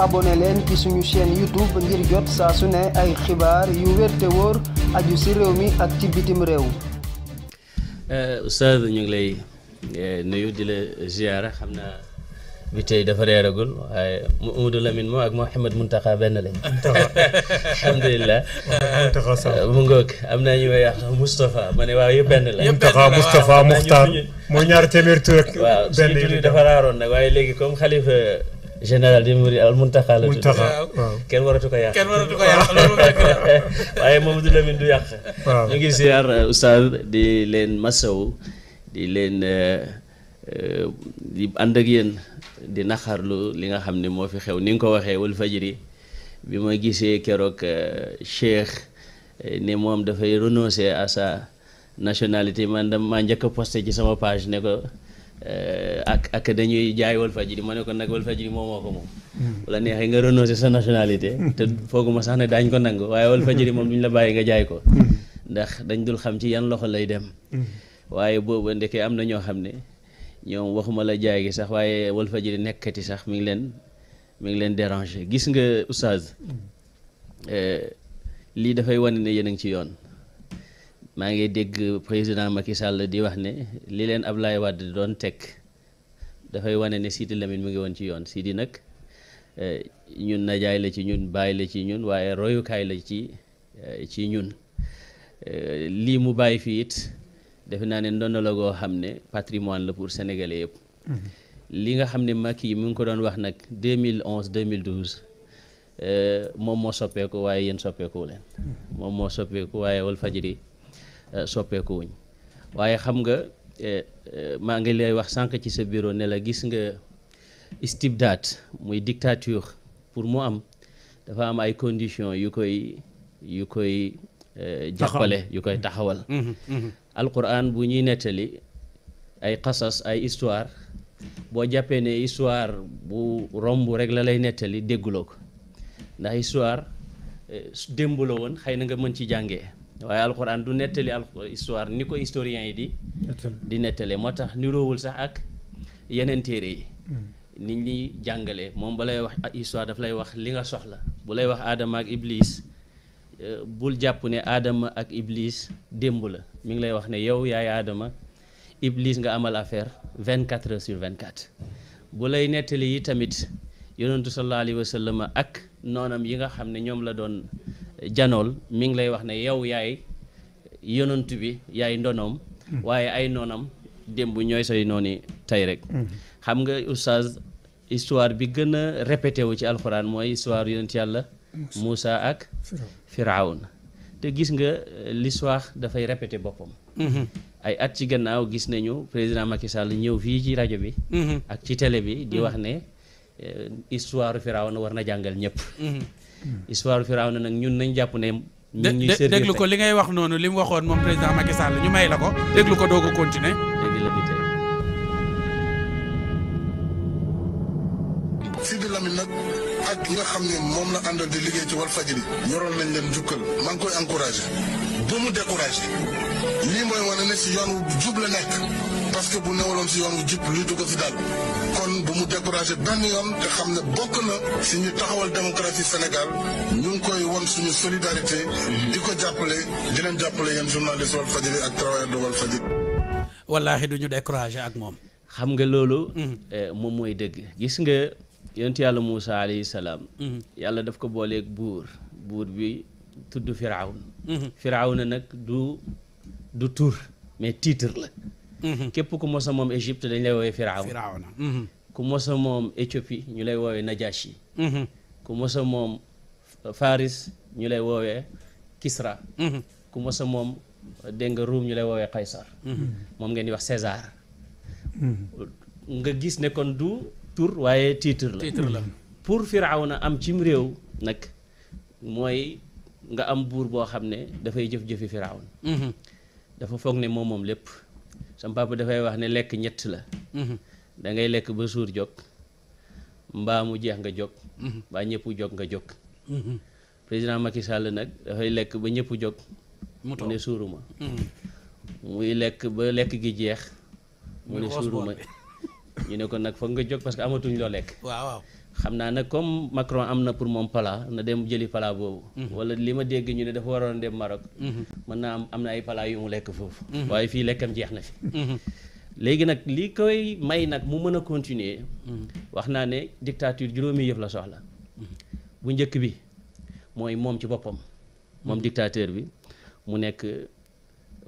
abonné suñu chaîne YouTube ngir jot saa ay xibaar yu te wóor aju si réew mi ak ci bitim réew. Euh, Oustaz ñu ngi lay euh, di xam naa bi dafa reeragul waaye ak Mouhamed Mountakha benn lañ. alhamdulilah. Euh, mu ngoog am naa ñu may wax Moustapha ma ne waaw yëpp benn la. yëpp benn la waaw Moustapha Muxtaar moo ñaar général des mourides al muntaxa la tudd kenn waratu kenn waratu ko yàq waaye moom du Lamine du yàq ñu ngi ziar euh, oustaz di leen masaw di leen euh, euh, di ànd ak yéen di naxarlu li nga xam ne moo fi xew ni nga ko waxee wal fajiri bi ma gisee keroog cheikh ni moom dafay renoncer à sa nationalité man maa njëkk a posté ci sama page ne ko Euh, ak ak dañuy jaay Walfadjri ma ne ko nag Walfadjri moom moo ko moom. bu hmm. la neexee nga renoncer sa nationalité. Hmm. te fooguma sax ne daañ ko nangu waaye Walfadjri moom duñ la bàyyi nga jaay ko. Hmm. ndax dañ dul xam ci yan loxo lay dem. waaye boobu ndeke am na ñoo xam ne ñoom waxuma la jaay gi sax waaye Walfadjri nekkati sax mi ngi leen mi ngi leen déranger gis nga oustaz euh, lii dafay wane ne yéen a ngi ci yoon. maa ngi dégg président Macky Sall di wax ne li leen ab Ablaye Wade doon teg dafay wane ne Sidi Lamine mu ngi woon ci yoon Sidi nag eh, ñun najaay la ci ñun bàyyi la ci ñun waaye royukaay la ci eh, ci ñun eh, lii mu bàyyi fii it defe naa ne ndono la goo xam ne patrimoine la pour sénégalais yëpp. Mm-hmm. li nga xam ne yi mu ngi ko doon wax nag 2011 2012. moom moo soppeeku waaye yéen soppeeku leen mm-hmm. moom moo soppeeku waaye Walfadjri Euh, soppeeku wuñ waaye xam nga euh, euh, maa ngi lay wax sànq ci sa bureau ne la gis nga istibdaat muy dictature pour mu am dafa am ay conditions yu koy yu koy jàppale yu koy taxawal mm-hmm, mm-hmm. alquran bu ñuy nettali ay xasas ay histoire boo jàppee ne histoire bu romb rek la lay nettali dégguloo ko ndax histoire démb la woon xëy na nga mën ci jàngee waaye alxuraan du nettali al histoire ni ko historien yi di di nettalee moo tax niroowul sax ak yeneen téere yi hmm. nit ñi jàngale moom ba lay wax histoire daf lay wax li nga soxla bu lay wax aadama ak iblis euh, bul jàpp ne aadama ak iblis démb la mu ngi lay wax ne yow yaay aadama iblis nga amal affaire vingt quatre heures sur vingt quatre bu lay nettali yi tamit yonentu sallallahu alayhi wa ak noonam yi nga xam ne ñoom la doon janool mi ngi lay wax ne yow yaay yonant bi yaay ndonoom hmm. waaye ay noonam démb ñooy say nooni tey rek hmm. xam nga oustaz histoire bi gën a répété wu ci alxuraan mooy histoire yonent yàlla Moussa ak Firawn te gis nga l'histoire dafay répété boppam hmm. ay at ci gannaaw gis nañu président Macky ñëw fii ci rajo bi ak ci télé bi di wax ne Eh, histoire Firawna war na jàngal ñëpp. Mhm. histoire Firawna nag ñun nañ jàpp ne. ñu ngi ñuy déglu li ngay wax noonu li mu waxoon moom président Macky Sall ñu may la ko déglu ko doo ko continuer. dégg la bi tey. Sidi lii mooy wane ne si yoon wu jub nekk. parce que bu newaloon si yoon wu jub lii du ko si dal kon bu mu découragé benn yoon te xam ne bokk na si ñu taxawal démocratie Sénégal ñu ngi koy won suñu solidarité. di ko jàppale di leen jàppale yéen journaliste Walfadjri ak travailleur de Walfadjri. wallaahi du ñu découragé ak moom. xam nga loolu. Mm-hmm. Eh, moom mooy dëgg gis nga. yonent yàlla Moussa alayhi mm-hmm. yàlla daf ko booleeg buur buur bi tudd Firawun. Mm-hmm. Firawuna nag du tur mais titre la. Mm-hmm. képp ku mos a moom Égypte dañ lay woowee Firaaw Firawna mm-hmm. ku mos a moom Éthiopie ñu lay woowee Najashi mm-hmm. ku mos moom Faris ñu lay woowee Kisra ku mos a moom dégg nga Ruum ñu lay woowee Kaysar moom ngeen di wax César nga gis ne kon du tur waaye titre la pour la pour Firawna am cim réew nag mooy nga am buur boo xam ne dafay jëf-jëfi Firawna dafa foog ne moom moom lépp sam papa dafay wax ne lekk ñett la mhm. da ngay lekk ba suur jóg mbaa mu jeex nga jóg mhm. mbaa ñëpp jog nga jóg mhm. président Macky Sall nag dafay lekk ba ñëpp jóg mu ne suuruma muy lekk ba lekk gi jeex mu ne suuruma ñu ne ko nag foog nga jóg parce que amatuñ loo lekk xam naa nag comme Macron am na pour moom palaa na dem jëli palaa boobu. Mhm. wala li ma dégg ñu ne dafa waroon dem Maroc. Mhm. mën naa am na ay palaa yu mu lekk foofu. Mhm. waaye fii lekkam jeex na fi. léegi nag li koy may nag mu mën a continuer. wax naa ne dictature juróomi yëf la soxla. bu njëkk bi mooy moom ci boppam. moom dictateur bi mu nekk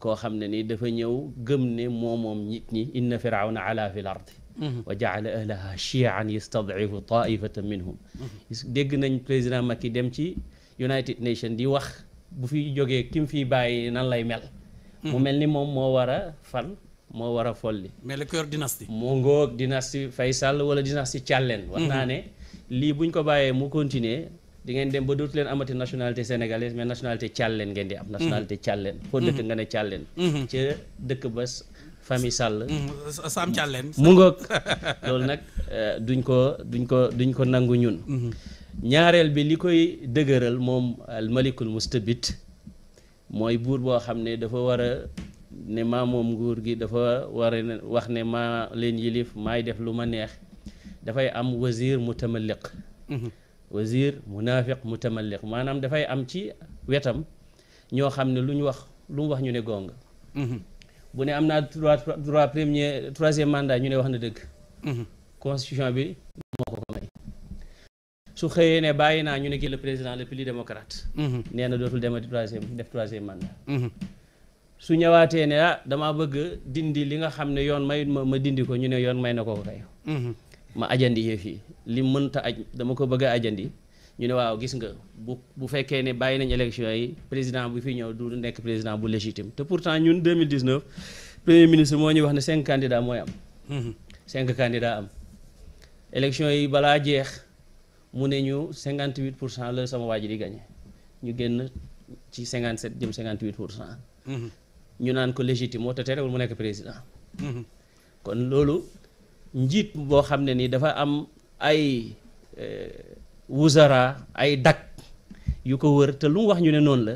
koo xam ne nii dafa ñëw gëm ne moomoom nit ñi inna firawna ala fil ardi wa jaala ahlaha chian yastadifu taifatan minhum dégg nañ président Macky dem ci United Nations di wax bu fi jógee ki mu fiy bàyyi nan lay mel mm-hmm. mu mel ni moom moo war a fal moo war a folli mais le cœur dynastie moo ngoog dynastie Faysal wala dynastie Thialène mm-hmm. wax naa ne lii buñ ko bàyyee mu continuer di ngeen dem ba dootu leen amati nationalité sénégalaise mais nationalité Thialène ngeen di am mm-hmm. nationalité Thialène foo dëkk nga ne Thialène ca dëkk ba famille Sall. Mm-hmm. Sam Thialène mu ngoog loolu nag eh, duñ ko duñ ko duñ ko nangu ñun. Mm-hmm. ñaareel bi li koy dëgëral moom al malikul mustabit mooy buur boo xam ne dafa war a ne maamoom moom nguur gi dafa war a wax ne maa leen yilif maay def lu ma neex dafay am wazir mutamalliq mm-hmm. wazir munafiq mutamalliq maanaam dafay am ci wetam ñoo xam ne lu wax lu wax ñu ne gong bu ne am naa droit droit premier mandat ñu ne wax na dëgg mhm. constitution bi moo su xëyee ne bàyyi naa ñu ne kii le président le plus démocrate mhm. nee na dootul demati troisième def troisième mandat mhm. su ñëwaatee ne ah damaa bëgg dindi li nga xam ne yoon mayut ma ma dindi ko ñu ne yoon may na ko ko kay ma ajandi yëf yi li mënta aj dama ko bëgg a ajandi ñu ne waaw gis nga bu bu fekkee ne bàyyi nañ élection yi président bu fi ñëw du nekk président bu légitime te pourtant ñun 2019 premier ministre moo ñuy wax ne cinq candidats mooy am. Mm-hmm. cinq candidats am. élection yi balaa jeex mu ne ñu 58 pour cent la sama waa ji ñu génn ci 57 jëm 58 pour cent. Mm-hmm. ñu naan ko légitime moo te terewul mu nekk président. Mm-hmm. kon loolu njiit boo xam ne ni dafa am ay. Euh, wuzara ay dak yu ko wër te lu mu wax ñu ne noonu la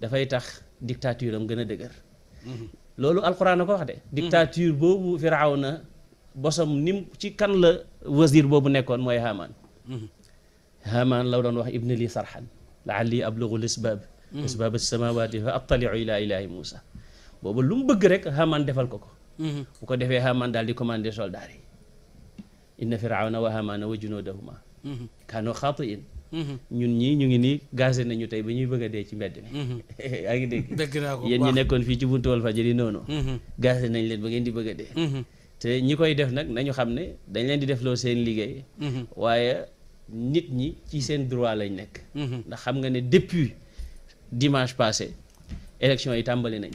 dafay tax dictature am gën a dëgër mhm. loolu alxuraan a ko wax de mhm. dictature boobu Firawna bosam ni ci kan la wazir boobu nekkoon mooy Haamaan mhm. Haamaan la doon wax ibni li sarxan laalli ablugu lisbaab lisbaab as-samaawaati fa attaliu ila ilahi Muusa boobu lu mu bëgg rek Haamaan defal ko ko bu ko defee Haamaan daal di commandé soldats yi inna firawna wa haamaana wa junuudahuma kaanu xaatu in ñun ñii ñu ngi nii gazé nañu tey ba ñuy bëgg a dee ci mbedd mi mm-hmm. yaa ngi dégg dégg naa nekkoon fii ci buntu Walfadjri noonu mm-hmm. gazé nañ leen ba ngeen di bëgg a dee mm-hmm. te ñi koy def nag nañu xam ne dañ leen di defloo seen liggéey waaye nit ñi ci seen droit lañ nekk ndax xam nga ne depuis dimanche passé élection yi tàmbali nañ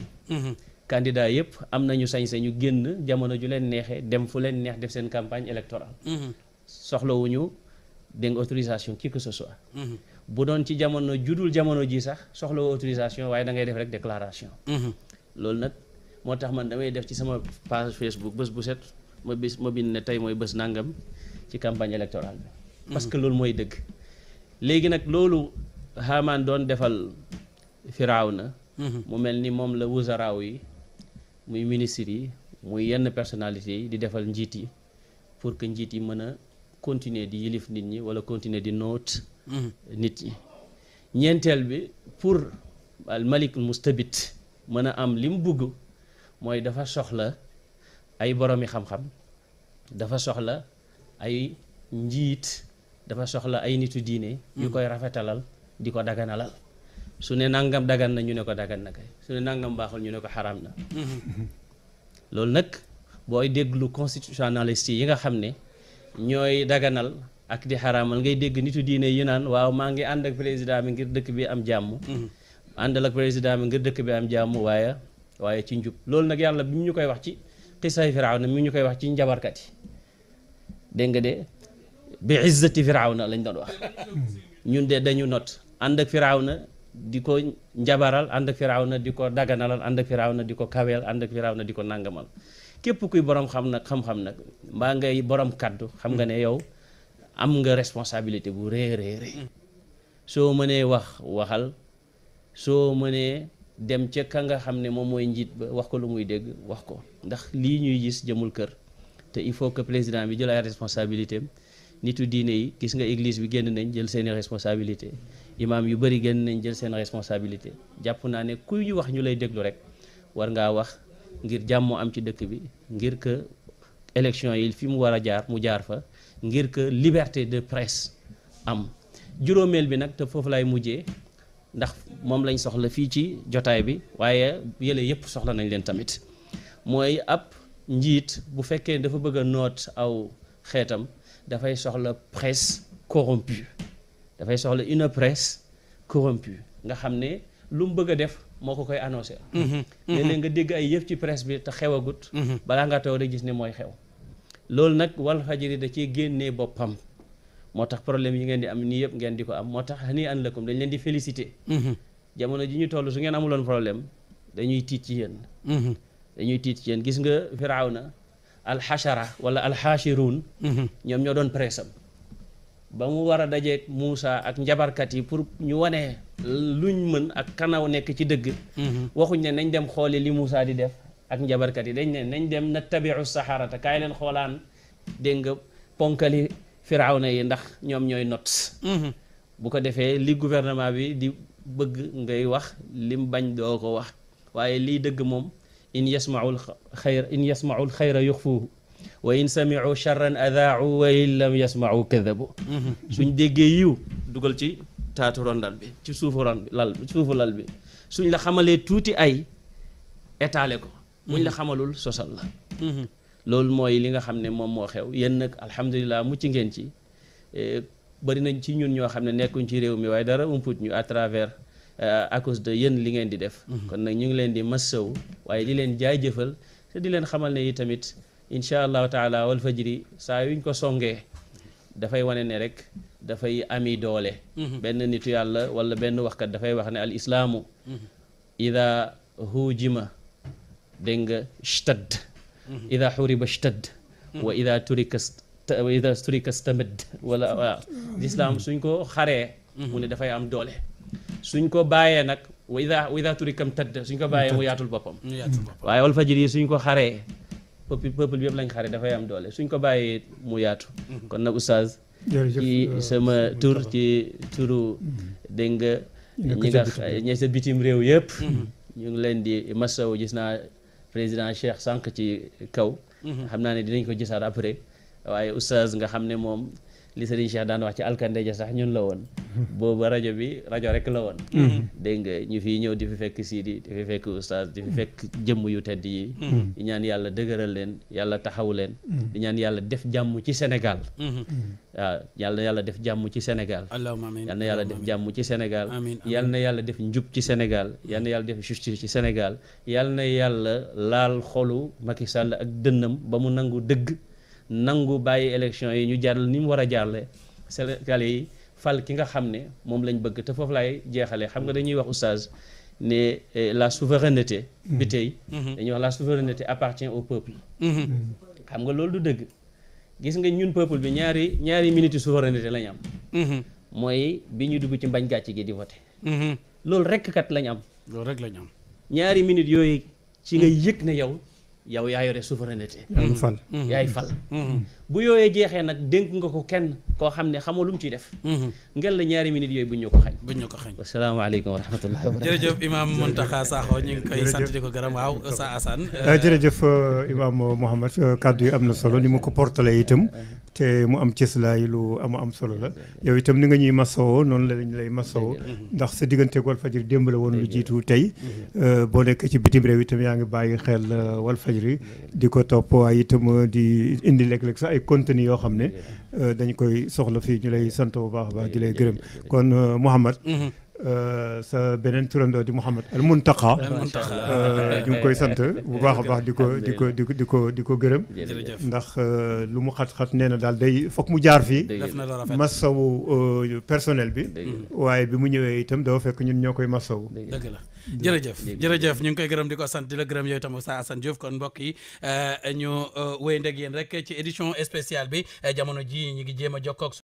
candidat yëpp am nañu sañ-sañu génn jamono ju leen neexee dem fu leen neex def seen campagne électorale soxlawuñu dégg nga autorisation qui que ce soit. Mhm. bu doon ci jamono judul jamono ji sax soxla autorisation waaye dangay ngay def rek déclaration. Mhm. loolu nag moo tax man damay def ci sama page Facebook bës bu set ma bis ma bind na tey mooy bës nangam ci campagne électorale bi. Mhm. parce que loolu mooy dëgg. léegi nag loolu Haamaan doon defal na mu mel ni moom la wuzaraaw yi muy ministres yi muy yenn personnalités yi di defal njiit yi pour que njiit yi mën a. continuer di yilif nit ñi wala continuer di noot mm-hmm. nit ñi ñeenteel bi pour al malik mustabit mën a am li bugg mooy dafa soxla ay boroomi xam-xam dafa soxla ay njiit dafa soxla ay nitu diine yu mm-hmm. koy rafetalal di ko daganalal su ne nangam dagan na ñu ne ko dagan na kay su ne nangam baaxul ñu ne ko xaraam na mm-hmm. loolu nag booy déglu constitutionnaliste yi nga xam ne ñooy daganal ak di xaramal ngay dégg nitu diine yi naan waaw maa ngi ànd ak président bi ngir dëkk bi am jàmm mhm. àndal ak président bi ngir dëkk bi am jàmm waaye waaye ci njub loolu nag yàlla bi mu ñu koy wax ci xisay firawna mi ñu koy wax ci njabarkat yi dégg nga de bi izzati firawna lañ doon wax mhm. ñun de dañu not ànd ak firawna di ko njabaral ànd ak firawna di ko daganalal ànd ak firawna di ko kaweel ànd ak firawna di ko nàngamal képp kuy borom xam nag xam-xam nag mbaa ngay borom kaddu xam nga ne hmm. yow am nga responsabilité bu rëy rëy hmm. soo mënee wax waxal soo mënee dem ca ka nga xam ne moom mooy njiit ba wax ko lu muy dégg wax ko ndax lii ñuy gis jëmul kër te il faut que président bi jël ay responsabilité am nitu diine yi gis nga église bi génn nañ jël seeni responsabilité imaam yu bëri génn nañ jël seen responsabilité jàpp naa ne ku ñu wax ñu lay déglu rek war ngaa wax ngir jàmm am ci dëkk bi ngir que élection yi fi mu war a jaar mu jaar fa ngir que liberté de presse am juróomeel bi nag te foofu lay mujjee ndax moom lañ soxla fii ci jotaay bi waaye yële yëpp soxla nañ leen tamit mooy ab njiit bu fekkee dafa bëgg noot aw xeetam dafay soxla presse corrompue dafay soxla une presse corrompue nga xam ne lu mu bëgg a def moo ko koy annoncé. Mhm. Mhm. léeg-léeg nga dégg ay yëf ci presse bi te xewagut. Mhm. balaa nga toog rek gis ne mooy xew. loolu nag Walfadjri da cee génnee boppam moo tax problème yi ngeen di am nii yëpp ngeen di ko am moo tax ni an lakum dañ leen di félicité. jamono ji ñu toll su ngeen amuloon problème dañuy tiit ci yéen. dañuy tiit ci yéen gis nga Firawna alxashara wala alxaashiruun ñoom ñoo doon presse ba mu war a dajeek Moussa ak njabarkat yi pour ñu wane luñ mën ak kanaw nekk ci dëgg mhm. waxuñ ne nañ dem xooli li Moussa di def ak njabarkat yi dañ ne nañ dem na tabiu saxaarata kaay leen xoolaan dégg nga ponkali firawna yi ndax ñoom ñooy not mhm. bu ko defee li gouvernement bi di bëgg ngay wax lim bañ doo ko wax waaye lii dëgg moom in yasmaul xayra in yasmaul xayra yuxfuhu wa in samiu charran adaau wa in lam yasmaau kadabu suñ déggee yiw dugal ci taatu rondal bi ci suufu ron bi bi suñ la xamalee tuuti ay étalé ko muñ la xamalul sosal la loolu mooy li nga xam ne moom moo xew yéen nag alhamdulilah mucc ngeen ci bari nañ ci ñun ñoo xam ne nekkuñ ci réew mi waaye dara umput ñu à travers à de yéen li ngeen di def kon nag ñu ngi leen di massaw waaye di leen jaajëfal te di leen xamal ne yi incha allahu taala wal fajri saa yu ñu ko songee dafay wane ne rek dafay ami doole mhm. benn nitu yàlla wala benn wax kat dafay wax ne al islaamu mhm. ida hujima dégg nga shtad mhm. ida xuriba shtad wa ida turika wa ida turika stamad wala waaw suñ ko xaree mu ne am doole ko bàyyee nag wa ida wa ida turikam tadd suñ ko bàyyee mu yaatul boppam peuple peuple bi yëpp lañ xaare dafay am doole suñ ko bàyyee mu yaatu mhm. kon nag oustaz ci euh, sama tur ci turu mhm. dégg nga ñi nga sa bitim réew yëpp mhm. ñu ngi leen di masaw gis naa président Cheikh sànq ci kaw xam naa ne dinañ ko gisaat après waaye oustaz nga xam ne moom li Serigne Cheikh daan wax ci alkande ja sax ñun la woon boobu rajo bi rajo rek la woon mm-hmm. dégg nga ñu fiy ñëw di fi fekk Sidi di fi fekk oustaz di fi mm-hmm. fekk jëmm yu tedd yi mm-hmm. di ñaan yàlla dëgëral leen yàlla taxaw leen di ñaan yàlla def jàmm ci Sénégal waaw ah, yal na yàlla def jàmm ci Sénégal yal na yàlla def jàmm ci Sénégal yal na yàlla def njub ci Sénégal yal na yàlla def justice ci Sénégal yal na yàlla laal xolu Macky Sall ak dënnam ba mu nangu dëgg nangu bàyyi élection yi ñu jàll ni mu war a jàlle Sénégalais yi fal ki nga xam ne moom lañ bëgg te foofu laay jeexalee xam nga dañuy wax oustaz ne eh, la souveraineté bi mm-hmm. tey mm-hmm. dañuy wax la souveraineté appartient au peuple mm-hmm. xam nga loolu du dëgg gis nga ñun peuple bi ñaari ñaari minutes souveraineté lañ am mooy bi ñu dugg ci mbañ gàcc gi di voté loolu rekk kat lañ am loolu rek lañ am ñaari minutes yooyu ci nga yëg ne yow yow yaa yore souveraineté. yaay mm-hmm. fal mm-hmm. Mm-hmm. bu yooyee jeexee nag dénk nga ko kenn koo xam ne xamoo lu mu ciy def. ngel la ñaari minutes yooyu buñ ñu ko xañ. buñ ñu ko xañ asalaamaaleykum wa rahmatulah. jërëjëf imaam Mountakha Sakho ñu ngi koy sant di ko gërëm waaw sa Assane. Euh, jërëjëf euh, imaam Mouhamed euh, kàddu yi am na solo ni mu ko portalee itam. Uh-huh. te mu am cëslaay lu am am solo la yow itam ni nga ñuy masoo noonu la lañ lay masawoo ndax sa diggante Walfajri démb la woon lu jiitu tey euh, boo nekk ci bitim réew itam yaa ngi bàyyi xel wal faj euh, Walfajri di ko topp waaye itam euh, di indi léeg-léeg sax ay contenu yoo xam ne dañ koy soxla fii ñu lay sant bu baax a baax di lay gërëm kon Mouhamad mm-hmm. Euh, sa beneen turandoo di Mouhamed al Muntaqa euh, ñu ngi koy sant bu baax a baax di ko di ko di ko di ko di ko gërëm ndax euh, lu mu xat-xat nee na daal day foog mu jaar fii massawu personnel bi waaye bi mu ñëwee itam dafa fekk ñun ñoo koy massawu dëgg la jërëjëf jërëjëf ñu ngi koy gërëm di ko sant di la gërëm yow itam sa Assane Diouf kon mbokk yi ñu wéy ndeg yéen rek ci édition spéciale bi jamono ji ñu ngi jéem a